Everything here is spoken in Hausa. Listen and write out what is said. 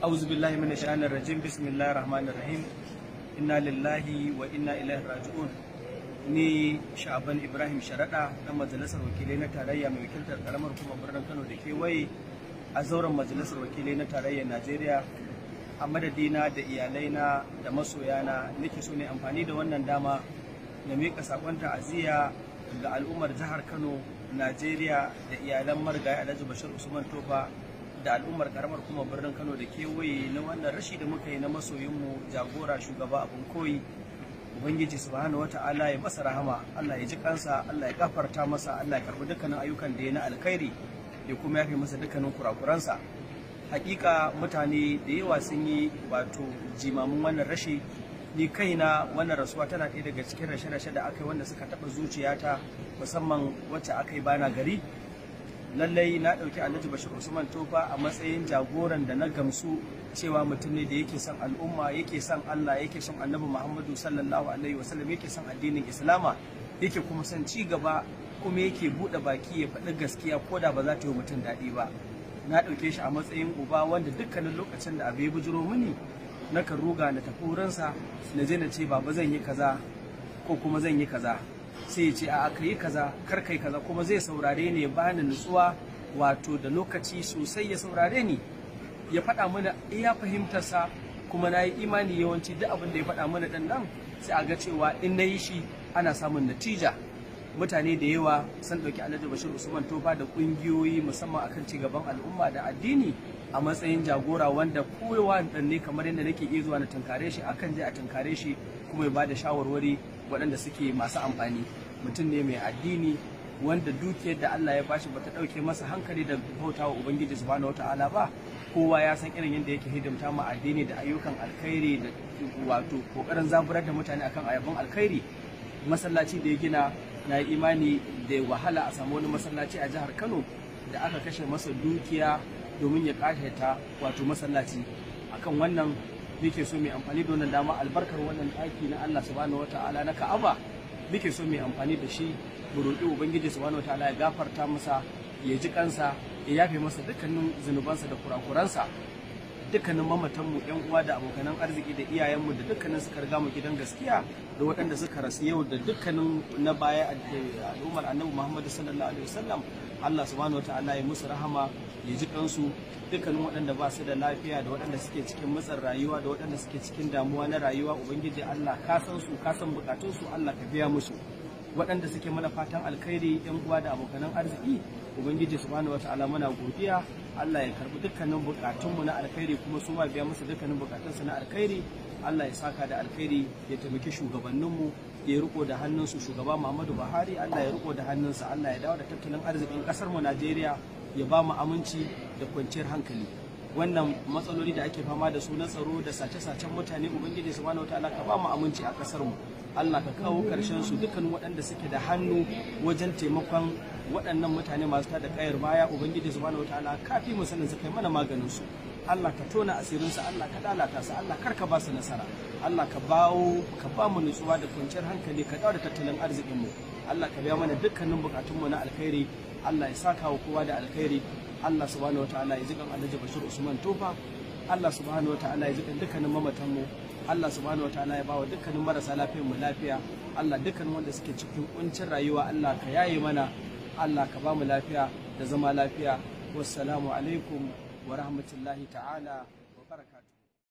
أعوذ بالله من الشيطان الرجيم بسم الله الرحمن الرحيم إنا لله وإنا إليه راجعون ni sha'aban ibrahim sharaɗa ɗan majalisar wakilai na tarayya mai wakiltar karamar kuma birnin kano da kewaye a zauren majalisar wakilai na tarayyar najeriya a madadina da iyalaina da masoyana nake so ne amfani da wannan dama na miƙa sakon ta'aziyya ga al'ummar jihar kano najeriya da iyalan marigayi alhaji bashir usman tofa da al'ummar karamar kuma birnin kano da kewaye na wannan rashi da muka yi na masoyinmu jagora shugaba abin koyi ubangiji subhanahu wata'ala ya masa rahama allah ya ji kansa allah ya gafarta masa allah ya karbi dukkanin ayyukan da ya na alkhairi ya kuma yafe masa dukkanin kurakuransa hakika mutane da yawa sun yi wato jimamin wannan rashi ni kaina wannan rasuwa tana ɗaya daga cikin rashe-rashe da aka yi wanda suka taɓa zuciyata musamman wacce aka yi bana gari lallai na ɗauki alhaji bashir usman tofa a matsayin jagoran da na gamsu cewa mutum ne da yake son al'umma yake son allah yake son annabi muhammadu sallallahu alaihi wasallam yake son addinin islama yake kuma son ci gaba kuma yake buɗe baki ya faɗi gaskiya ko da ba za ta yi mutum daɗi ba na ɗauke shi a matsayin uba wanda dukkanin lokacin da abu ya bujiro mini na kan ruga na tafi wurinsa na je na ce baba zan yi kaza ko kuma zan yi kaza sai ya ce a aka yi kaza kar kai kaza kuma zai saurare ni ya bani nutsuwa wato da lokaci sosai ya saurare ni ya faɗa mana iya fahimtarsa kuma na yi imani yawanci duk abin da ya faɗa mana ɗan nan sai a ga cewa in na yi shi ana samun natija mutane da yawa sun ɗauki alhaji bashir usman tofa da ƙungiyoyi musamman akan gaban al'umma da addini a matsayin jagora wanda kowa ɗanne kamar yadda nake iya zuwa na tunkare shi akan je a tunkare shi kuma ya ba da shawarwari waɗanda suke masu amfani mutum ne mai addini wanda dukiyar da Allah ya bashi bata ɗauke masa hankali da bauta wa Ubangiji subhanahu wata'ala ba kowa ya san irin yadda yake hidimta ma addini da ayyukan alkhairi da wato kokarin zaburar da mutane akan ayyukan alkhairi masallaci da ya gina na imani da wahala a samu wani masallaci a jihar Kano da aka kashe masa dukiya domin ya kashe ta wato masallaci akan wannan nake so mai amfani da wannan dama albarkar wannan ɗaki na Allah subhanahu wataala na Ka'aba nake so mai amfani da shi mu roƙi ubangiji subhanahu wataala ya gafarta masa ya ji kansa ya yafe masa dukkanin zunubansa da kurakuransa dukkanin mamatanmu yan uwa da abokanan arziki da iyayenmu da dukkanin suka riga mu gidan gaskiya da waɗanda suka rasu yau da dukkanin na baya a al'ummar annabi muhammad sallallahu alaihi wasallam allah subhanahu wataala ya musu rahama ya ji kansu dukkanin waɗanda ba su da lafiya da waɗanda suke cikin matsin rayuwa da waɗanda suke cikin damuwa na rayuwa ubangiji allah ka san su ka san bukatun su allah ka biya musu waɗanda suke mana fatan alkhairi yan uwa da abokanan arziki ubangiji subhanahu wataala muna godiya Allah ya karbi dukkanin bukatunmu na alkhairi kuma su ma biya musu dukkanin bukatunsu na alkhairi Allah ya saka da alkhairi ya taimaki shugabanninmu ya riko da hannunsu shugaba Muhammadu Buhari Allah ya riko da hannunsa Allah ya dawo da tattalin arzikin kasar mu Najeriya ya ba mu aminci da kwanciyar hankali wannan matsaloli da ake fama da su na tsaro da sace-sacen mutane ubangiji wani wata ka ba mu aminci a kasar mu Allah ka kawo karshen su dukkan waɗanda suke da hannu wajen taimakon waɗannan mutane masu tada kayar baya ubangiji wani wata ka fi mu sanin su kai mana maganin su Allah ka tona asirin su Allah ka lalata su Allah kar ka ba su nasara Allah ka bawo ka ba mu nutsuwa da kwanciyar hankali ka dawo da tattalin arzikin mu Allah ka biya mana dukkanin bukatun mu na alkhairi Allah ya saka wa kowa da alkhairi Allah subhanahu wataala ya zikan Alhaji Bashir Usman Tofa Allah subhanahu wataala ya zikan dukkanin mamatan mu Allah subhanahu wataala ya bawa dukkanin marasa lafiyar mu lafiya Allah dukkanin wanda suke cikin kuncin rayuwa Allah ka yaye mana Allah ka ba mu lafiya da zama lafiya wassalamu alaikum wa rahmatullahi ta'ala